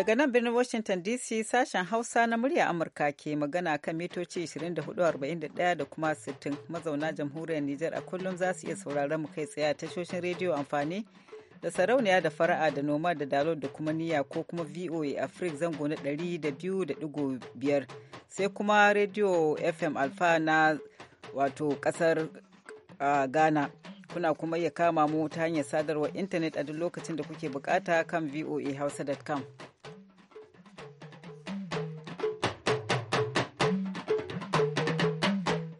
Daga nan birnin Washington DC sashen Hausa na murya Amurka ke magana kan mitoci 24,41 da kuma 60 mazauna jamhuriyar Nijar a kullum za su iya sauraron mu kai tsaye a tashoshin rediyo amfani da sarauniya da fara'a da noma da dalo da kuma niya ko kuma VOA Africa zango na 200.5 sai kuma rediyo FM Alfa na wato kasar ah, Ghana. Kuna kuma iya kama mu ta hanyar sadarwar intanet a duk lokacin da kuke bukata kan voahausa.com.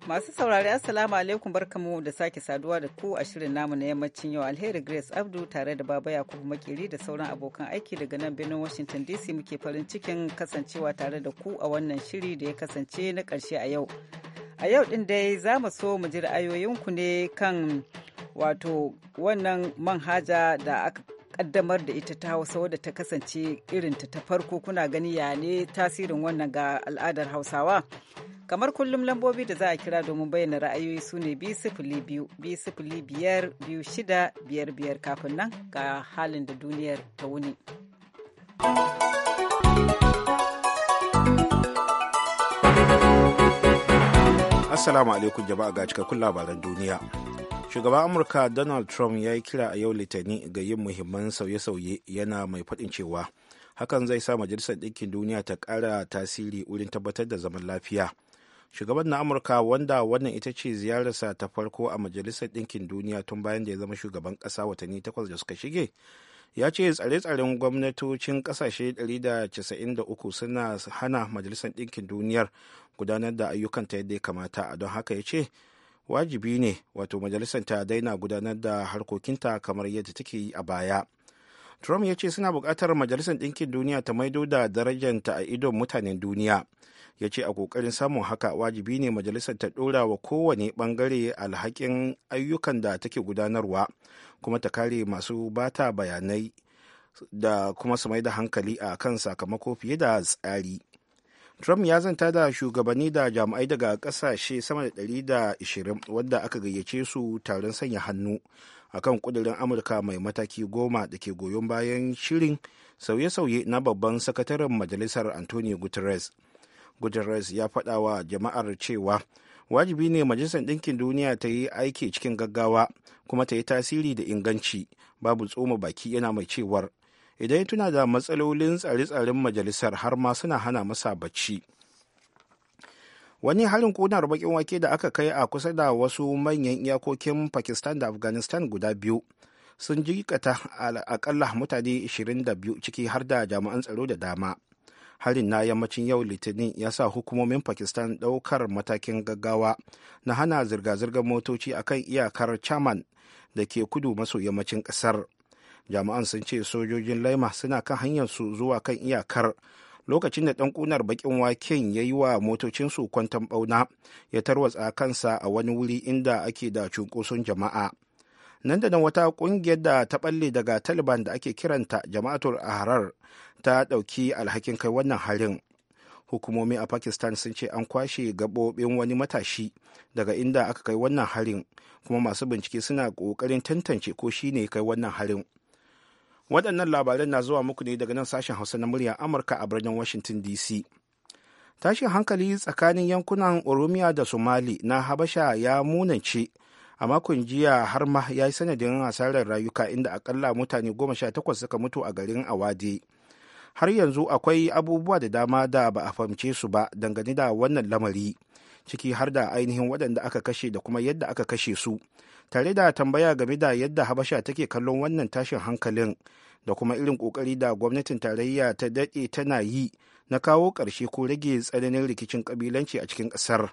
Masu saurari Assalamu alaikum barkamu da sake saduwa da ku a shirin namu na yammacin yau alheri Grace Abdu tare da Baba Yakubu Makeri da sauran abokan aiki daga nan birnin Washington DC muke farin cikin kasancewa tare da ku a wannan shiri da ya kasance na karshe a yau. A yau ɗin dai za mu so mu ji ra'ayoyinku ne kan wato wannan manhaja da aka kaddamar da ita ta hausa wadda ta kasance irinta ta farko kuna gani ya ne tasirin wannan ga al'adar hausawa kamar kullum lambobi da za a kira domin bayyana ra'ayoyi su ne biyar biyar kafin nan ga halin da duniyar ta wuni assalamu alaikum jama'a ga cikakkun labaran duniya shugaban amurka donald trump ya yi kira a yau litani ga yin muhimman sauye-sauye yana mai faɗin cewa hakan zai sa majalisar ɗinkin duniya ta ƙara tasiri wurin tabbatar da zaman lafiya shugaban na amurka wanda wannan ita ce ziyararsa ta farko a majalisar ɗinkin duniya tun bayan da ya zama shugaban ƙasa watanni takwas da suka shige ya ce tsare-tsaren gwamnatocin ƙasashe uku suna hana majalisar ɗinkin duniyar gudanar da ayyukanta yadda ya kamata don haka ya ce wajibi ne wato majalisar ta daina gudanar da harkokinta kamar yadda take yi a baya trump ya ce suna bukatar majalisar ɗinkin duniya ta maido da darajanta a idon mutanen duniya ya ce a ƙoƙarin samun haka wajibi ne majalisar ta ɗora wa kowane ɓangare alhakin ayyukan da take gudanarwa kuma ta kare masu bata bayanai da kuma su mai da hankali a kan sakamako fiye da tsari Trump ya zanta da shugabanni da jami'ai daga kasashe sama da 120 wadda aka gayyace su taron sanya hannu a kan kudirin Amurka mai mataki goma da ke goyon bayan shirin sauye-sauye na babban sakataren majalisar Antonio Guterres. Guterres ya faɗa wa jama'ar cewa wajibi ne majalisar ɗinkin duniya ta yi aiki cikin gaggawa kuma ta yi tasiri da inganci babu tsoma baki yana mai cewar idan tuna da matsalolin tsare-tsaren majalisar har ma suna hana masa bacci wani harin kunar bakin wake da aka kai a kusa da wasu manyan iyakokin pakistan da afghanistan guda biyu sun jikata akalla mutane 22 ciki har da jami'an tsaro da dama harin na yammacin yau litinin ya sa hukumomin pakistan ɗaukar matakin gaggawa na hana zirga-zirgar motoci akan iyakar chaman da ke kudu maso yammacin kasar. jami'an sun ce sojojin laima suna kan hanyar su zuwa kan iyakar lokacin da ɗan ƙunar baƙin waken ya yi wa motocinsu kwantan bauna ya tarwatsa kansa a wani wuri inda ake da cunkoson jama'a nan da nan wata ƙungiyar da ta ɓalle daga taliban da ake kiranta jama'atul harar ta ɗauki alhakin kai wannan harin hukumomi a pakistan sun ce an kwashe gabobin wani matashi daga inda aka kai wannan harin kuma masu bincike suna ƙoƙarin tantance ko shine kai wannan harin waɗannan labaran na zuwa muku ne daga nan sashen hausa na murya amurka a birnin washington dc tashin hankali tsakanin yankunan oromiya da somali na habasha ya munance a makon jiya har ma ya yi sanadin asarar rayuka inda akalla mutane goma sha takwas suka mutu a garin awade har yanzu akwai abubuwa da dama da ba a fahimce su ba dangane da wannan lamari ciki har da ainihin waɗanda aka kashe da kuma yadda aka kashe su tare da tambaya game da yadda habasha take kallon wannan tashin hankalin da kuma irin kokari da gwamnatin tarayya ta daɗe tana yi na kawo ƙarshe ko rage tsananin rikicin kabilanci a cikin ƙasar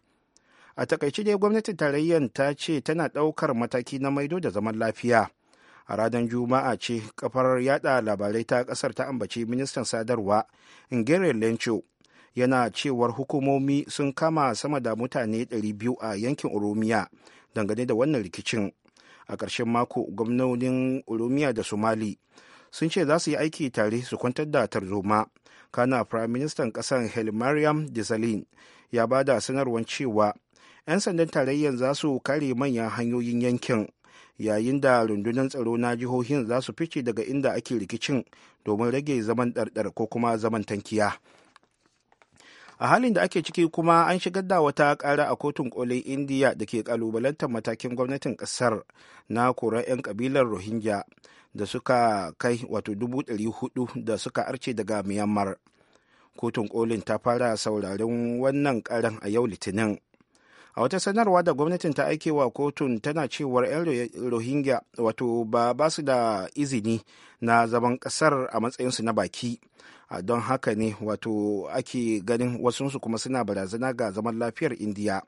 a takaice dai gwamnatin tarayyan ta ce tana ɗaukar mataki na maido da zaman lafiya a ranar juma'a ce kafar yada labarai ta ƙasar ta ambaci ministan sadarwa ingere lencho yana cewar hukumomi sun kama sama da mutane 200 a yankin oromiya dangane da wannan rikicin a ƙarshen mako gwamnonin oromiya da somali sun ce za su yi aiki tare su kwantar da tarzoma kana prime kasan ƙasar mariam desalin ya ba da sanarwar cewa 'yan sandan tarayyar za su kare manyan hanyoyin yankin yayin da rundunar tsaro na jihohin za su fice daga inda ake rikicin domin rage zaman ɗarɗar ko kuma zaman tankiya. a halin da ake ciki kuma an shigar da wata kara a kotun kolin indiya da ke kalubalantar matakin gwamnatin kasar na korar 'yan kabilar rohingya da suka kai wato dubu hudu da suka arce daga myanmar kotun kolin ta fara saurarin wannan karan a yau litinin a wata sanarwa da gwamnatin ta aikewa kotun tana cewar 'yan rohingya wato ba su da izini na zaman kasar a matsayinsu na baki don haka ne wato ake ganin wasunsu kuma suna barazana ga zaman lafiyar indiya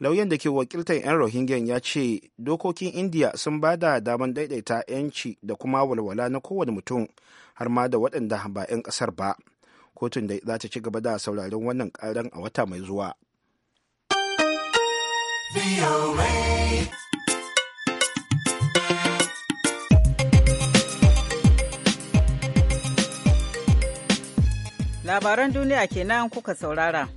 lauyan da ke wakiltar 'yan rohingya ya ce dokokin indiya sun ba da daman daidaita 'yanci da kuma walwala na kowane mutum har ma da waɗanda ba 'yan ƙasar ba kotun da za ta ci gaba da sauraron wannan ƙaran a wata mai zuwa. Labaran duniya kenan kuka saurara.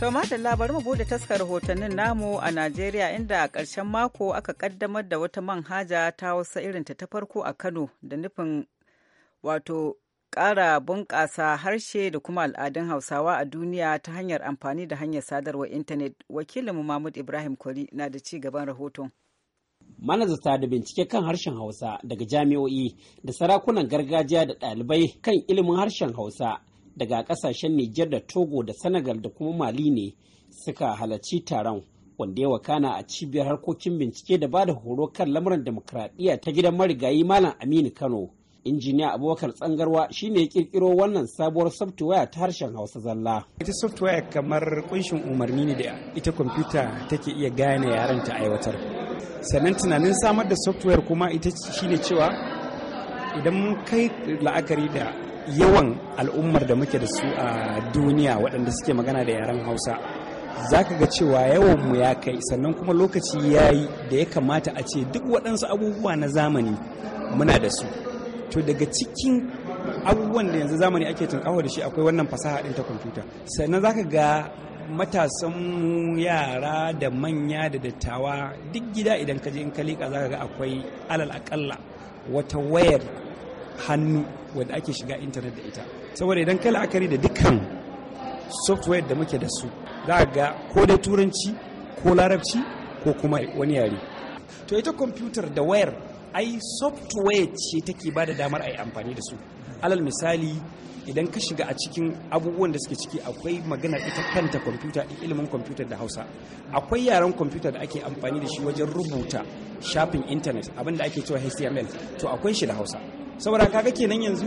To da mu bude taskar rahotannin namu a Najeriya inda a ƙarshen mako aka ƙaddamar da wata manhaja ta wasa irin ta ta farko a Kano da nufin wato ƙara bunƙasa harshe da kuma al'adun Hausawa a duniya ta hanyar amfani da hanyar sadarwar intanet. Wakilinmu Mahmud Ibrahim kori na da ci gaban rahoton. manazarta da bincike kan harshen hausa daga jami'o'i da sarakunan gargajiya da ɗalibai kan ilimin harshen hausa daga ƙasashen nijar da togo da senegal da kuma mali ne suka halarci taron wanda ya wakana a cibiyar harkokin bincike da ba da horo kan lamuran demokradiyya ta gidan marigayi malam aminu kano injiniya abubakar tsangarwa shine ya kirkiro wannan sabuwar software ta harshen hausa zalla ita software kamar kunshin umarni ne da ita kwamfuta take iya gane yaran ta aiwatar sannan tunanin samar da software kuma ita shine cewa idan mun kai la'akari da yawan al'ummar da muke da su a duniya waɗanda suke magana da yaren hausa za ka ga cewa yawan mu ya kai sannan kuma lokaci ya yi da ya kamata a ce duk waɗansu abubuwa na zamani muna da su to daga cikin abubuwan da yanzu zamani ake tunkawa da shi akwai wannan fasaha ɗin ta kwamfuta sannan za ka ga matasanmu yara da manya da dattawa duk gida idan ka je in ka liƙa za ka ga akwai alal akalla wata wayar hannu wadda ake shiga intanet da ita saboda idan ka la'akari da dukkan software da muke da su za ga ko da turanci ko larabci ko kuma wani yare to ita kwamfutar da wayar ai software ce take ba da damar a yi amfani da su alal misali idan ka shiga a cikin abubuwan da suke ciki akwai magana ita kanta kwamfuta ilimin kwamfuta da hausa akwai yaren kwamfuta da ake amfani da shi wajen rubuta shafin intanet abin da ake cewa html to akwai shi da hausa saboda kaga kenan yanzu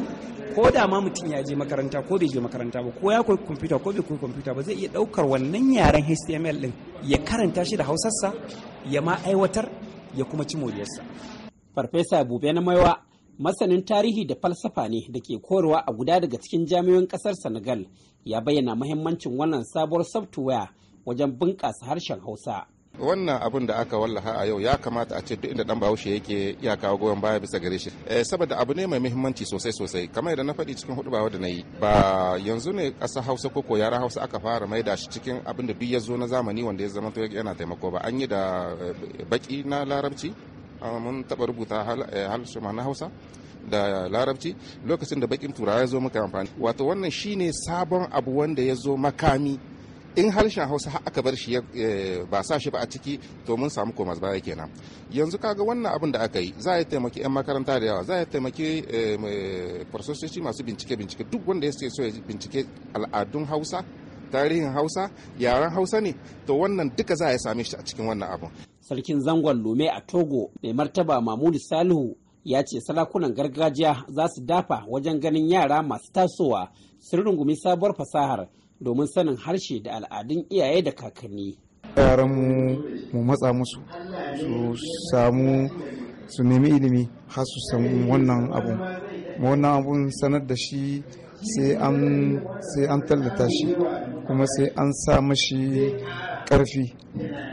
ko da ma mutum ya je makaranta ko bai je makaranta ba ko ya koyi kwamfuta ko bai koyi kwamfuta ba zai iya daukar wannan yaren html din ya karanta shi da hausarsa ya ma aiwatar ya kuma ci moriyarsa farfesa bube na maiwa masanin tarihi da falsafa ne da ke korowa a guda daga cikin jami'an kasar senegal ya bayyana mahimmancin wannan sabuwar software wajen bunƙasa harshen hausa wannan abin da aka wallaha a yau ya kamata a ce duk inda dan bahaushe yake ya kawo goyon baya bisa gare shi eh, saboda abu ne mai muhimmanci sosai sosai kamar yadda na faɗi cikin hudu da na yi ba yanzu ne ƙasa hausa ko yara hausa aka fara mai da shi cikin abinda da duk ya zo na zamani wanda ya zama yana taimako ba an yi da eh, baki na larabci Ah, mun taɓa rubuta harshe eh, na hausa da larabci lokacin da bakin tura ya zo maka amfani wato wannan shine sabon abu wanda ya zo makami in harshen hausa aka bar shi eh, ba sa shi ba a ciki to mun samu komas baya kenan yanzu kaga wannan abin da aka yi za a taimaki 'yan makaranta da yawa za a taimaki eh, farsosoci masu bincike bincike duk wanda ya so ya bincike al'adun hausa tarihin hausa yaren hausa ne to wannan duka za a same shi a cikin wannan abu. sarkin zangon lome a togo mai martaba mamudu salihu ya ce sarakunan gargajiya za su dafa wajen ganin yara masu tasowa sun rungumi sabuwar fasahar domin sanin harshe da al'adun iyaye da kakanni yaran mu matsa musu su samu su nemi ilimi har su samu wannan abun wannan abun sanar da shi sai an tallata shi kuma sai an sa mashi karfi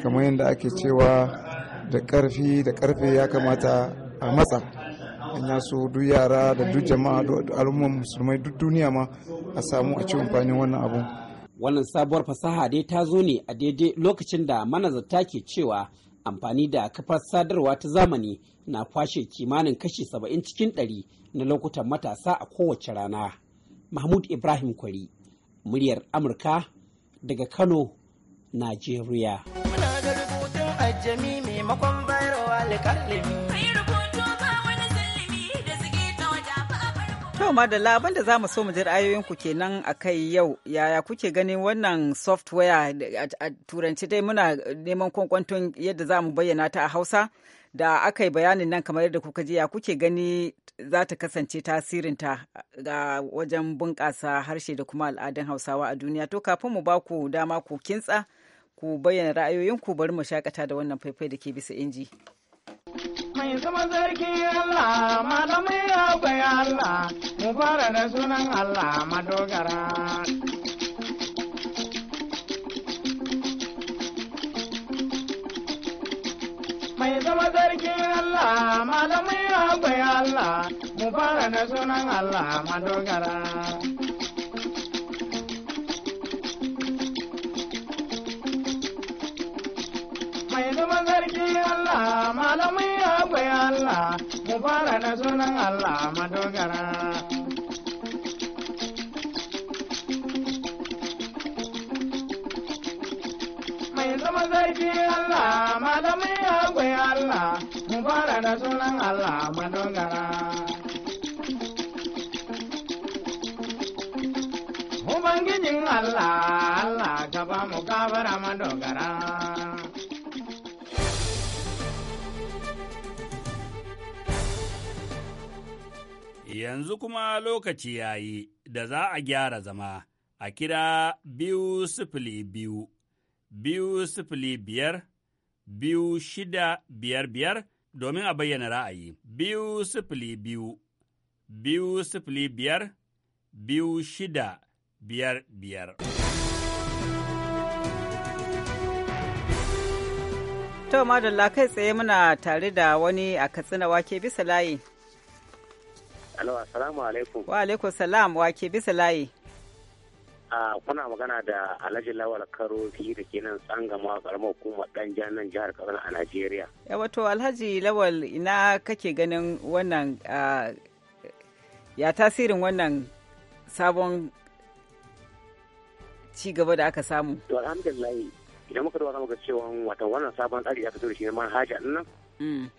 kamar yadda ake cewa da karfi da karfe ya kamata a matsa an ya so duk yara da duk jama'a da al'ummar musulmai duk duniya ma a samu a ci amfanin wannan abu wannan sabuwar fasaha dai ta zo ne a daidai lokacin da manazarta ke cewa amfani da kafar sadarwa ta zamani na kwashe kimanin kashi saba'in cikin ɗari na lokutan matasa a kowace rana mahmud ibrahim kwari muryar amurka daga kano najeriya ajami maimakon bayarwa alƙalami da za mu so mu ji ra'ayoyinku kenan a kai yau yaya kuke ganin wannan software a turanci dai muna neman kwankwanton yadda za mu bayyana ta a Hausa da aka yi bayanin nan kamar yadda kuka jiya kuke gani za ta kasance tasirinta ga wajen bunƙasa harshe da kuma al'adun hausawa a duniya to kafin mu ba ku dama ku kintsa ku bayyana ra'ayoyinku bari mu shakata da wannan faifai da ke bisa inji. Mai sama sunan Allah madogara. zama sarkin Allah malamai akwai Allah mu fara da sunan Allah madogara. Mai zama sarki Allah malamai akwai Allah mu fara da sunan Allah madogara. Mai zama sarki Allah malamai akwai Allah, mu fara da sunan Allah madogara. Ubangijin Allah, Allah ka ba mu kabara Yanzu kuma lokaci ya yi da za a gyara zama a kira biyu sifili biyu, biyu sifili biyar biyu shida biyar biyar domin a bayyana ra'ayi. Biyu sifili biyu, biyu sifili biyar, biyu shida biyar biyar. To madalla kai tsaye muna tare da wani a Katsina wake bisa layi. Alo, assalamu alaikum. Wa alaikum salam wake bisa layi. kuna magana da alhaji lawal karofi da ke nan tsangama karamar hukumar dan janan jihar kaduna a najeriya wato alhaji lawal ina kake ganin wannan ya tasirin wannan sabon ci gaba da aka samu to alhamdulillah idan muka duba muka cewa wata wannan sabon tsari da aka zo da shi na manhaja nan mm.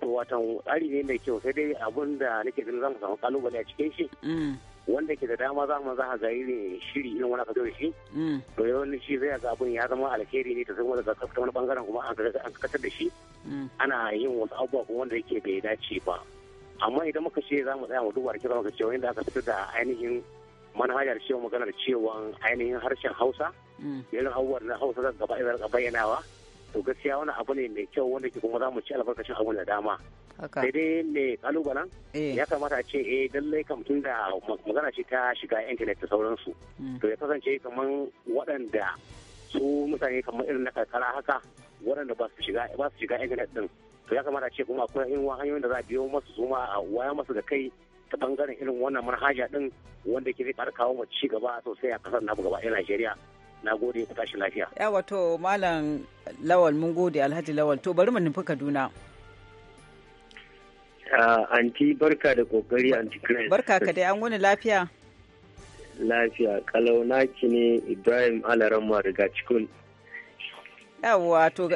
to watan tsari ne mai kyau sai dai abun da nake ganin zamu samu kalubale a cikin shi mm. wanda ke da dama za mu za a ga ne shiri irin wani aka da shi mm. to ne shi zai ga abun ya zama alheri ne ta zama daga kafta wani bangaren kuma an kasar da shi mm. ana yin wasu abubuwa kuma wanda yake bai dace ba amma idan muka ce za mu tsaya mu duba da kira muka cewa inda aka fitar da ainihin manhajar cewa maganar cewa ainihin harshen hausa mm. irin abubuwan na hausa zaka gaba bayyanawa to gaskiya wani abu ne mai kyau wanda ke kuma za mu ci albarkacin abun da dama sai dai mai kalubalen eh. ya kamata a ce eh lallai kam tun da magana ce ta shiga intanet da sauransu mm. to ya kasance kamar waɗanda su mutane kamar irin na karkara haka waɗanda ba su shiga ba su shiga intanet din to ya kamata a ce kuma akwai irin hanyoyin da za a biyo masu su a waya masu da kai ta bangaren irin wannan manhaja din wanda ke zai kawo mu ci gaba sosai a kasar namu gaba ɗaya Najeriya na gode ku tashi lafiya. Ya wato Malam Lawal mun gode Alhaji Lawal to bari mu nufi Kaduna. anti barka da kokari anti Christ. Barka ka dai an wani lafiya. Lafiya kalau ki ne Ibrahim Alaramma daga cikin. Yawwa to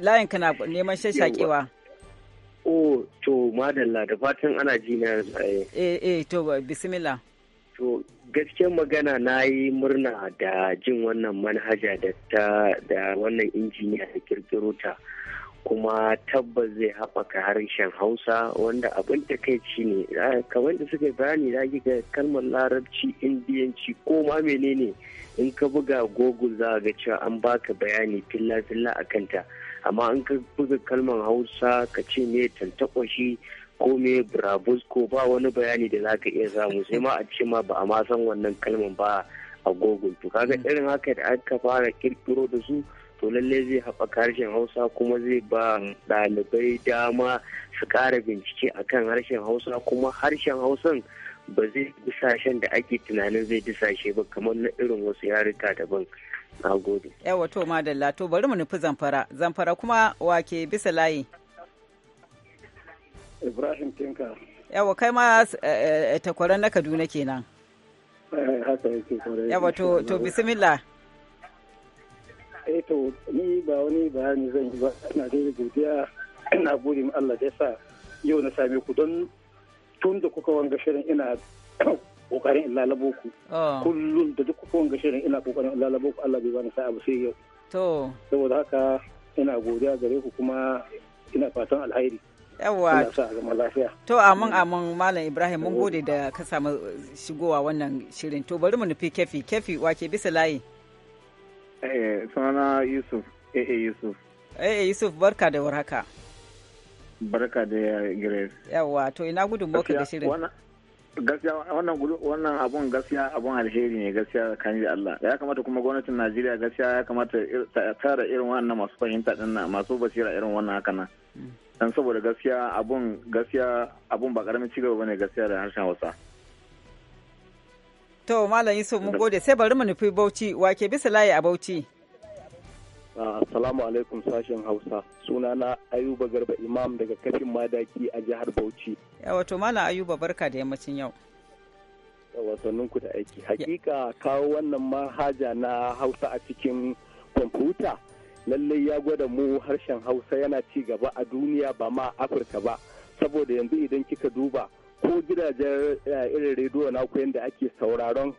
layin kana neman shashakewa. Oh to madalla da fatan ana ji na yanzu. Eh eh, eh to bismillah. To gaskiyar magana na yi murna da jin wannan manhaja da ta da wannan injiniya da kirkiro ta. kuma tabbas zai haɓaka harshen hausa wanda abin takaici ne ah, kamar da suka bayani da ga kalmar larabci indiyanci ko ma menene in ka buga gogul za ga cewa an baka bayani filla-filla a kanta amma in ka buga kalmar hausa ka ce me tantakwashi ko me brabus ko ba wani bayani da za ka iya samu sai ma a ce ma ba a ma san wannan kalmar ba a gogul to kaga mm. irin haka da aka fara kirkiro da su to lallai zai haɓaka harshen hausa kuma zai ba ɗalibai dama su ƙara bincike akan harshen hausa kuma harshen hausan ba zai dusashen da ake tunanin zai dusashe ba kamar na irin wasu yarika daban na gode yawa to madalla to bari mu nufi zamfara zamfara kuma wake bisa layi ibrahim tinka yawa kai ma eh, eh, takwaran na kaduna kenan eh, yawa to bismillah eh to ni ba wani bayani zan yi ba ina da godiya ina gode mu Allah da yasa yau na same ku don tun da kuka wanga shirin ina kokarin in lalabo ku ah. kullum da duk kuka wanga shirin ina kokarin in lalabo ku Allah bai bani sa'a ba sai yau to saboda haka ina godiya gare ku kuma ina fatan alheri yawa to amin amin malam ibrahim mun gode da ka samu shigowa wannan shirin to bari mu nufi kefi kefi wake bisa layi Eh, sunana Yusuf, AA Yusuf. AA Yusuf, barka da warhaka. Barka da Grace. Yawa, to ina gudun boka da shirin. gaskiya wannan wannan abun gaskiya abun alheri ne gaskiya kan da Allah ya kamata kuma gwamnatin Najeriya gaskiya ya kamata ta tara irin wannan masu fahimta din nan masu basira irin wannan haka nan mm. dan saboda gaskiya abun gaskiya abun ba karamin cigaba bane gaskiya da harshen Hausa To Malam Yusuf mun gode sai bari mu nufi Bauchi wake bisa layi a Bauchi. Ah, assalamu alaikum sashen Hausa suna na Ayuba Garba Imam daga kafin madaki a jihar Bauchi. Yawa to Malam Ayuba barka da yammacin yau. Yawa ku da aiki hakika kawo wannan manhaja na hausa a cikin kwamfuta lallai ya gwada mu harshen hausa yana ci gaba a duniya ba ma afirka ba saboda yanzu idan kika duba ko gidajen eh, irin rediyo na ku yadda ake sauraron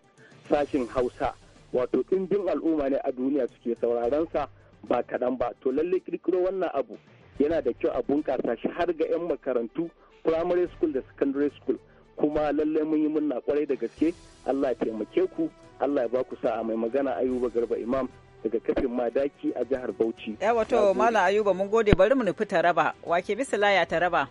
sashin hausa wato ɗimbin al'umma ne a duniya suke sauraron sa ba kaɗan ba to lallai kirkiro wannan abu yana da kyau a bunƙasa shi har ga 'yan makarantu primary school da secondary school kuma lalle mun yi murna kwarai da gaske Allah ya taimake ku Allah ya ba ku sa'a mai magana Ayuba Garba Imam daga kafin madaki a jihar Bauchi. Yawa to Malam Ayuba mun gode bari mu nufi Taraba wake bisa laya Taraba.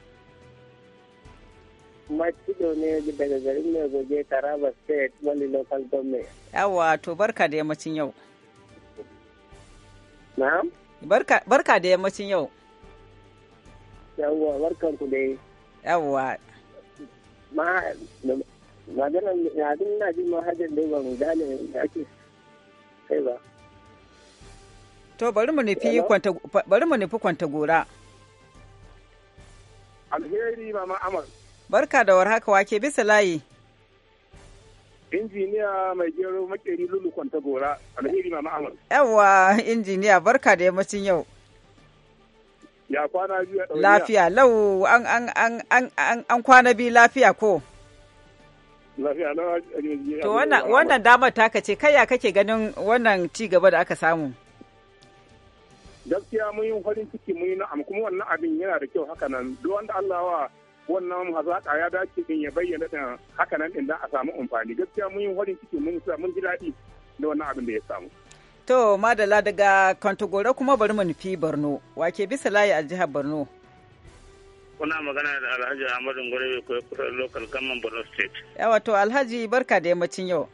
Macido ne daga garin mai goge Taraba State wani local government. Yawa to barka da yammacin yau. Na'am? Barka da yammacin yau. Yawa barkan ku dai. Yawa. Ma maganar yadin na jin mahajar ba mu gane da ake kai ba. To bari mu nufi kwanta bari mu nufi kwanta gora. Alheri mama Amal. Barka da warhaka wake bisa layi. Injiniya mai gero makeri lulu kwanta gora alheri mama Ahmad. Yawwa injiniya barka da yammacin yau. Ya kwana biyu a Lafiya lau an an an an an, an kwana biyu lafiya ko. Lafiya na To wannan wannan damar taka ce ya kake ganin wannan ci gaba da aka samu. Gaskiya mun yi farin ciki mun yi na'am kuma wannan abin yana da kyau haka nan duk wanda Allah wa wannan hazaƙa ya dace din ya bayyana da haka nan din a samu amfani gaskiya mun yi farin ciki mun mun ji daɗi da wannan abin da ya samu to madala daga kantagore kuma bari mu nufi borno wake bisa layi a jihar borno kuna magana da alhaji ahmadu gwarbe ko kusa local government borno state yawa to alhaji barka da yammacin yau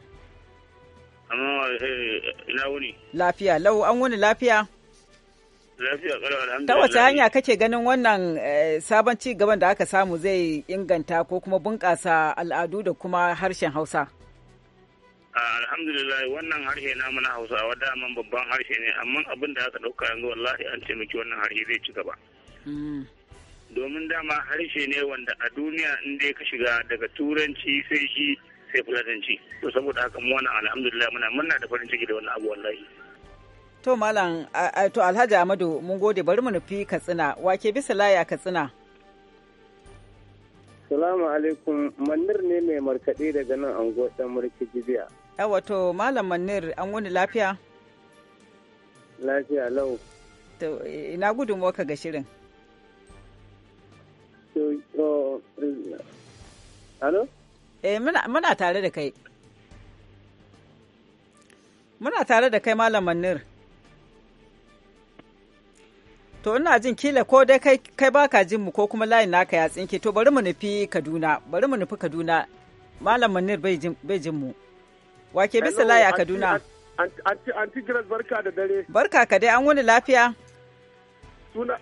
amma eh, ina wuni lafiya lau an wuni lafiya Ta wace hanya kake ganin wannan eh, sabon ci gaban da aka samu zai inganta ko kuma bunƙasa al'adu da kuma harshen Hausa? Ah, alhamdulillah wannan harshe na mana Hausawa daman babban harshe ne amma abin da aka ɗauka yanzu wallahi an taimaki wannan harshe zai ci gaba. Hmm. Domin dama harshe ne wanda a duniya in dai ka shiga daga turanci sai shi sai fulatanci. To saboda haka mu wannan alhamdulillah muna muna da farin ciki da wannan abu wallahi. To Malam, to Alhaji Amadu mun gode bari mu nufi Katsina, wake bisa laya Katsina. Salamu alaikum, Manir ne mai markaɗe daga nan anguwar ɗan mulki Jibiya. Yawa to Malam Manir an wani lafiya? Lafiya lau. To ina gudun waka ga shirin. To, Alo? Eh muna tare da kai. Muna tare da kai Malam Manir. To ina jin kila ko dai kai kai baka jin mu ko kuma layin naka ya tsinke to bari mu nufi Kaduna bari mu nufi Kaduna Malam Munir bai jin bai jin mu Wake bisa layi a Kaduna Anti anti Grace barka da dare Barka ka dai an wani lafiya Suna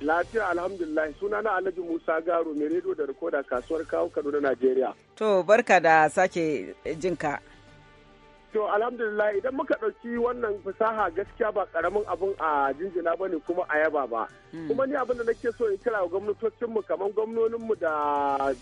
Lafiya alhamdulillah suna na Alhaji Musa Garo mai rediyo da rikoda kasuwar kawo Kaduna Najeriya To barka da sake jinka To alhamdulillah idan muka ɗauki wannan fasaha gaskiya ba karamin abun a jinjina ba ne kuma a yaba ba. Hmm. Kuma ni abin da nake so in kira wa gwamnatocinmu kamar gwamnoninmu da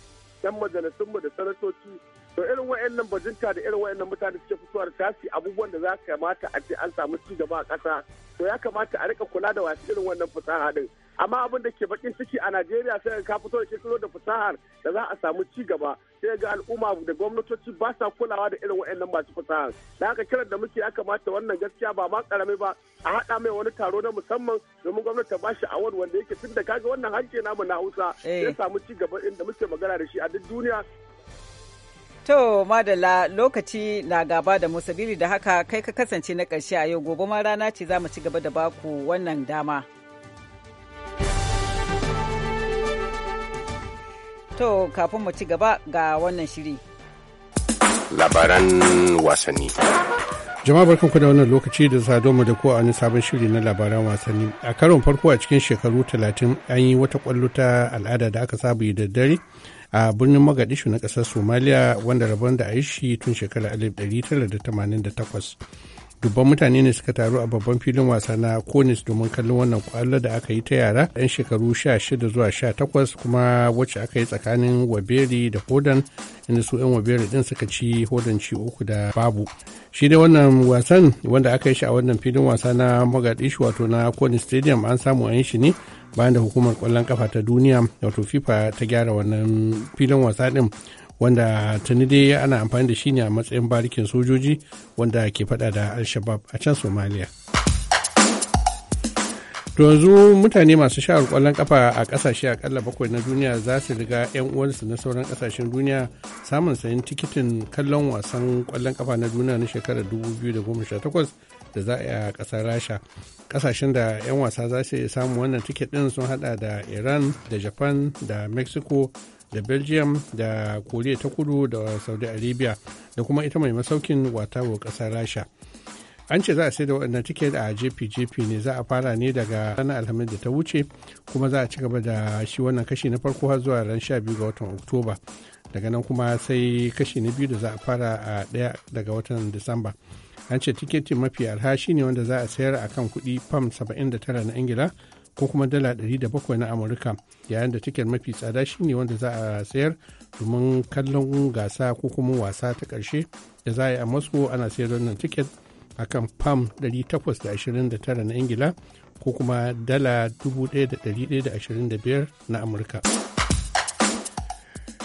'yan majalisunmu da sanatoci to irin wa'annan bajinta da irin wa'annan mutane suke fitowa da tasi abubuwan da za kamata a ce an samu ci gaba a ƙasa to ya kamata a rika kula da wasu irin wannan fasaha din amma abin da ke bakin ciki a najeriya sai ka fito da shekaru da fasahar da za a samu ci gaba sai ga al'umma da gwamnatoci ba sa kulawa da irin waɗannan masu fasahar da haka kiran da muke ya kamata wannan gaskiya ba ma karami ba a haɗa mai wani taro na musamman domin gwamnati ta bashi award wanda yake tun da kaga wannan hanke namu na hausa sai eh. samu ci gaba inda muke magana da shi a duk duniya To Madala lokaci na gaba da musabili da haka kai ka kasance na ƙarshe a yau gobe ma rana ce za mu ci gaba da baku wannan dama. To kafin mu ci gaba ga wannan shiri. Labaran wasanni. Jama'a ku da wannan lokaci da za mu da ko a wani sabon shiri na labaran wasanni. A karon farko a cikin shekaru talatin an yi wata kwallo ta al'ada da aka saba yi da dare a birnin Mogadishu na ƙasar Somalia wanda rabon da a yi shi tun shekarar 1988. dubban mutane ne suka taru a babban filin wasa na konis domin kallon wannan kwallo da aka yi ta yara yan shekaru 16 zuwa 18 kuma wacce aka yi tsakanin waberi da hodan inda su yan waberi din suka ci hodan ci uku da babu shi dai wannan wasan wanda aka yi shi a wannan filin wasa na mogadishu wato na konis stadium an samu an shi ne bayan da hukumar kwallon kafa ta duniya wato fifa ta gyara wannan filin wasa din wanda tuni dai ana amfani da shi ne a matsayin barikin sojoji wanda ke fada da al-shabab a can somalia. to yanzu mutane masu sha'ar kwallon kafa a kasashe akalla bakwai na duniya za su riga 'yan uwansu na sauran kasashen duniya samun sayan tikitin kallon wasan kwallon kafa na duniya na shekarar 2018 da za a yi a kasar rasha kasashen da 'yan wasa za su samu wannan tiket din sun hada da iran da japan da mexico da belgium da korea ta kudu da saudi arabia da kuma ita mai masaukin watawo kasar rasha an ce za a sai da waɗannan tiket a jpjp ne za a fara ne daga ranar alhamis da ta wuce kuma za a ci gaba da shi wannan kashi na farko har zuwa ran 12 ga watan oktoba daga nan kuma sai kashi na biyu da za a fara a ɗaya daga watan disamba an ce tiketin mafi arha ne wanda za a sayar a kan kuɗi fam 79 na ingila ko kuma dala 700 na amurka yayin da tiket mafi tsada shine wanda za a sayar domin kallon gasa ko kuma wasa ta karshe da za a yi a moscow ana sayar wannan tiket akan pam 829 na ingila ko kuma dala 1125 na amurka.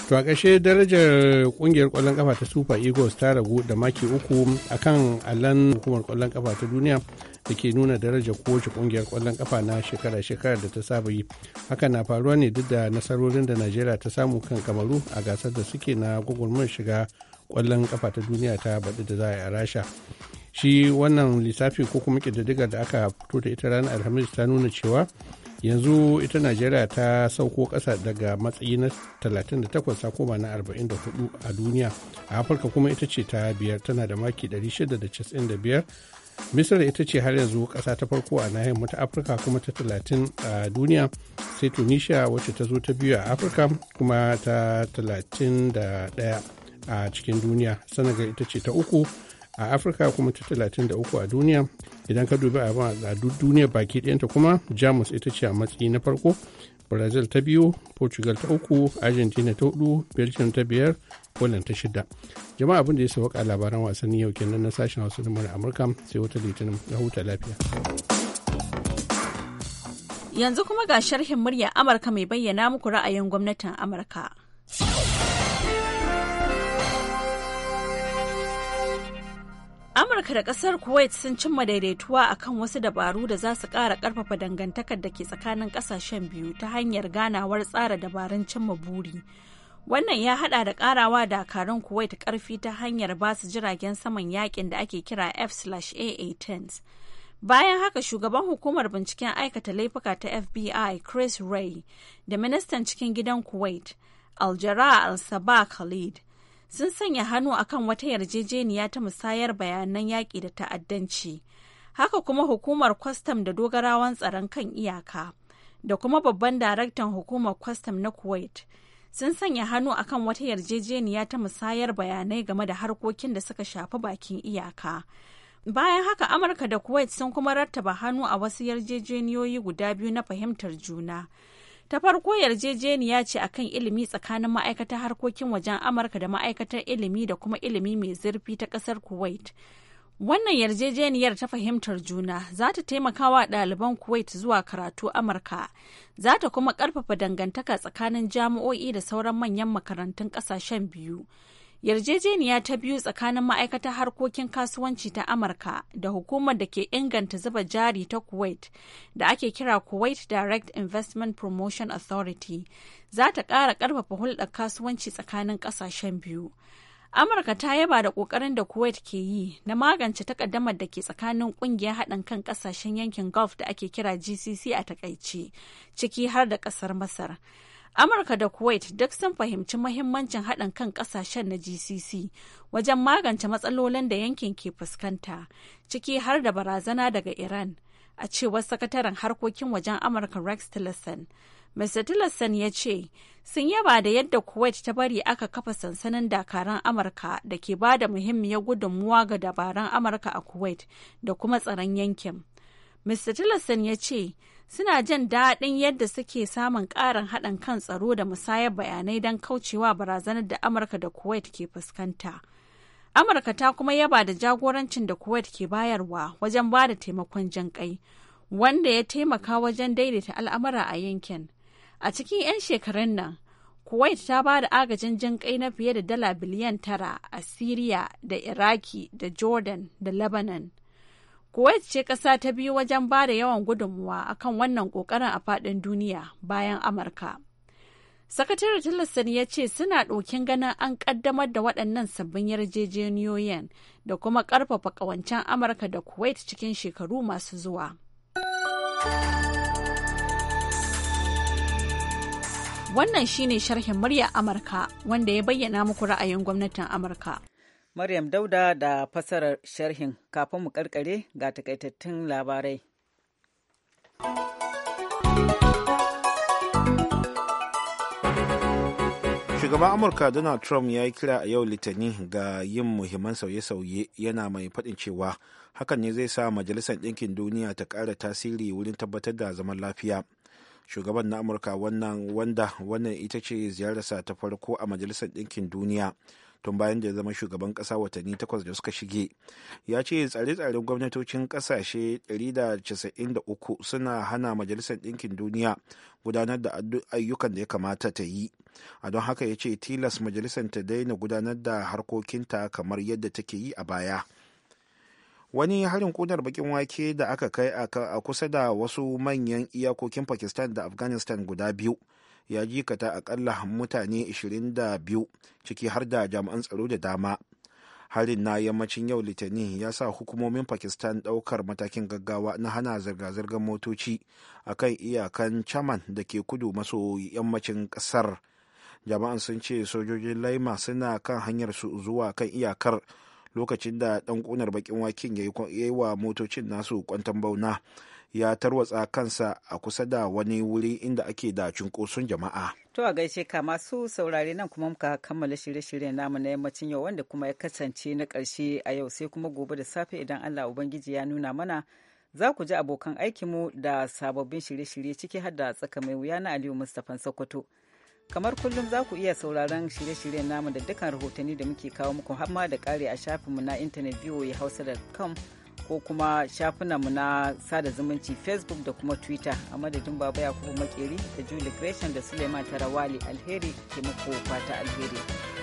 To a ƙashe darajar ƙungiyar ƙwallon ƙafa ta Super Eagles ta ragu da maki uku a kan allon hukumar ƙwallon ƙafa ta duniya da ke nuna darajar kowace ƙungiyar ƙwallon ƙafa na shekara-shekara da ta saba yi. Haka na faruwa ne duk da nasarorin da Najeriya ta samu kan Kamaru a gasar da suke na gwagwarmar shiga ƙwallon ƙafa ta duniya ta baɗi da za a yi a Rasha. Shi wannan lissafi ko kuma ƙididdigar da aka fito da ita ranar Alhamis ta nuna cewa yanzu ita najeriya ta sauko ƙasa daga matsayi na 38 ta koma na 44 a duniya a afirka kuma ita ce ta biyar tana da maki 695 misira ita ce har yanzu ƙasa ta farko a nahiyar mata ta afirka kuma ta 30 a duniya sai tunisia wacce ta zo ta biyu a afirka kuma ta 31 a cikin duniya senegal ita ce ta uku a afirka kuma ta 33 a duniya idan ka dubi a al'adu duniya baki ɗayanta kuma jamus ita ce a matsayi na farko brazil ta biyu portugal ta uku argentina ta hudu belgium ta biyar poland ta shida jama'a abin da ya sauka labaran wasanni yau kenan na sashen wasu na amurka sai wata litinin na huta lafiya yanzu kuma ga sharhin murya amurka mai bayyana muku ra'ayin gwamnatin amurka Amurka da kasar Kuwait sun cimma daidaituwa akan wasu dabaru da za su ƙara ƙarfafa dangantakar da ke tsakanin ƙasashen biyu ta hanyar ganawar tsara dabarun cimma buri. Wannan ya hada da ƙarawa dakarun Kuwait ƙarfi ta hanyar ba su jiragen saman yakin da ake kira F/A-18. Bayan haka shugaban hukumar binciken aikata laifuka ta FBI Chris Ray da ministan cikin gidan Kuwait Aljara Al-Sabah Khalid sun sanya hannu akan wata yarjejeniya ta musayar bayanan yaƙi da ta'addanci haka kuma hukumar kwastam da dogarawan tsaron kan iyaka da kuma babban daraktan hukumar kwastam na kuwait sun sanya hannu akan wata yarjejeniya ta musayar bayanai game da harkokin da suka shafi bakin iyaka bayan haka amurka da kuwait sun kuma rattaba hannu a wasu yarjejeniyoyi guda biyu na fahimtar juna ta farko yarjejeniya ce a kan ilimi tsakanin ma'aikatar harkokin wajen amurka da ma'aikatar ilimi da kuma ilimi mai zurfi ta kasar kuwait wannan yarjejeniyar ta fahimtar juna za ta taimaka wa ɗaliban kuwait zuwa karatu amurka za ta kuma ƙarfafa dangantaka tsakanin jami'o'i da sauran manyan makarantun ƙasashen biyu Yarjejeniya ta biyu tsakanin ma'aikatar harkokin kasuwanci ta Amurka da hukumar da ke inganta zuba jari ta Kuwait da ake kira Kuwait Direct Investment Promotion Authority za ta ƙara ƙarfafa hulɗar kasuwanci tsakanin ƙasashen biyu. Amurka ta yaba da ƙoƙarin da Kuwait ke yi na magance takaddamar da ke tsakanin ƙungiyar haɗin kan ƙasashen yankin Gulf da ake kira GCC a takaice, ciki har da ƙasar Masar. Amurka da Kuwait duk sun fahimci mahimmancin haɗin kan ƙasashen na GCC wajen magance matsalolin da yankin ke fuskanta, ciki har da barazana daga Iran, a cewar sakataren harkokin wajen Amurka Rex Tillerson. Mr. Tillerson ya ce, sun yaba da yadda Kuwait ta bari aka kafa sansanin dakaran Amurka da ke ba da muhimmiyar gudunmuwa ga dabaran Amurka a Kuwait da kuma tsaron yankin. Mr. Tillerson ya ce, suna jin daɗin yadda suke samun ƙarin haɗin kan tsaro da musayar bayanai don kaucewa barazanar da amurka da kuwait ke fuskanta amurka ta kuma yaba da jagorancin da kuwait ke bayarwa wajen ba da taimakon jan ƙai, wanda ya taimaka wajen daidaita al'amura a yankin a cikin 'yan shekarun nan kuwait ta ba da agajin jin ƙai na fiye da dala biliyan tara a siriya da iraki da jordan da lebanon Kuwait ce ƙasa ta biyu wajen ba da yawan gudunmuwa akan wannan ƙoƙarin a faɗin duniya bayan Amurka. Sakatare Tillerson ya ce suna ɗokin ganin an ƙaddamar da waɗannan sabbin yarjejeniyoyin da kuma ƙarfafa ƙawancen Amurka da Kuwait cikin shekaru masu zuwa. Wannan shine sharhin murya Amurka wanda ya bayyana muku ra'ayin gwamnatin Amurka. Maryam Dauda da fasarar sharhin kafin mu karkare ga takaitattun labarai. Shugaban Amurka Donald Trump ya yi kira a yau Litani ga yin muhimman sauye-sauye yana mai faɗin cewa hakan ne zai sa Majalisar Ɗinkin Duniya ta ƙara tasiri wurin tabbatar da zaman lafiya. Shugaban na Amurka wannan wanda wannan ita ce ziyararsa ta farko a Majalisar Ɗinkin Duniya. tun bayan da ya zama shugaban ƙasa watanni takwas da suka shige ya ce tsare-tsaren gwamnatocin ƙasashe 193 suna hana majalisar ɗinkin duniya gudanar da ayyukan da ya kamata ta yi a don haka ya ce tilas majalisar ta daina gudanar da harkokinta kamar yadda take yi a baya wani harin kunar bakin wake da aka kai a kusa da wasu manyan iyakokin pakistan da afghanistan guda biyu ya jikata akalla mutane 22 ciki har da jami'an tsaro da dama harin na yammacin yau litinin ya sa hukumomin pakistan daukar matakin gaggawa na hana zirga-zirgar motoci a kan iyakan chaman da ke kudu maso yammacin kasar jama'an sun ce sojojin laima suna kan hanyar su zuwa kan iyakar lokacin da dan kunar bakin wakin ya yi wa motocin nasu kwantan bauna ya tarwatsa kansa a kusa da wani wuri inda ake da cunkoson jama'a. To a gaishe ka masu saurare nan kuma muka kammala shirye-shiryen namu na yammacin yau wanda kuma ya kasance na ƙarshe a yau sai kuma gobe da safe idan Allah Ubangiji ya nuna mana za ku ji abokan aikinmu da sababbin shirye-shirye ciki har da tsaka mai wuya na Aliyu Mustapha Sokoto. kamar kullum za ku iya sauraron shirye-shiryen namu da dukkan rahotanni da muke kawo muku hamma da kare a shafinmu na intanet hausa da voahausa.com ko kuma shafinanmu na sada zumunci facebook da kuma twitter a madadin baba kuma makeri da julie gresham da suleiman tarawali alheri ke muku fata alheri